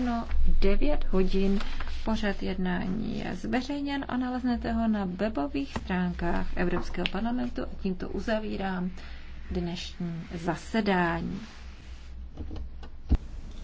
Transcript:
ráno 9 hodin. Pořad jednání je zveřejněn a naleznete ho na webových stránkách Evropského parlamentu a tímto uzavírám dnešní zasedání.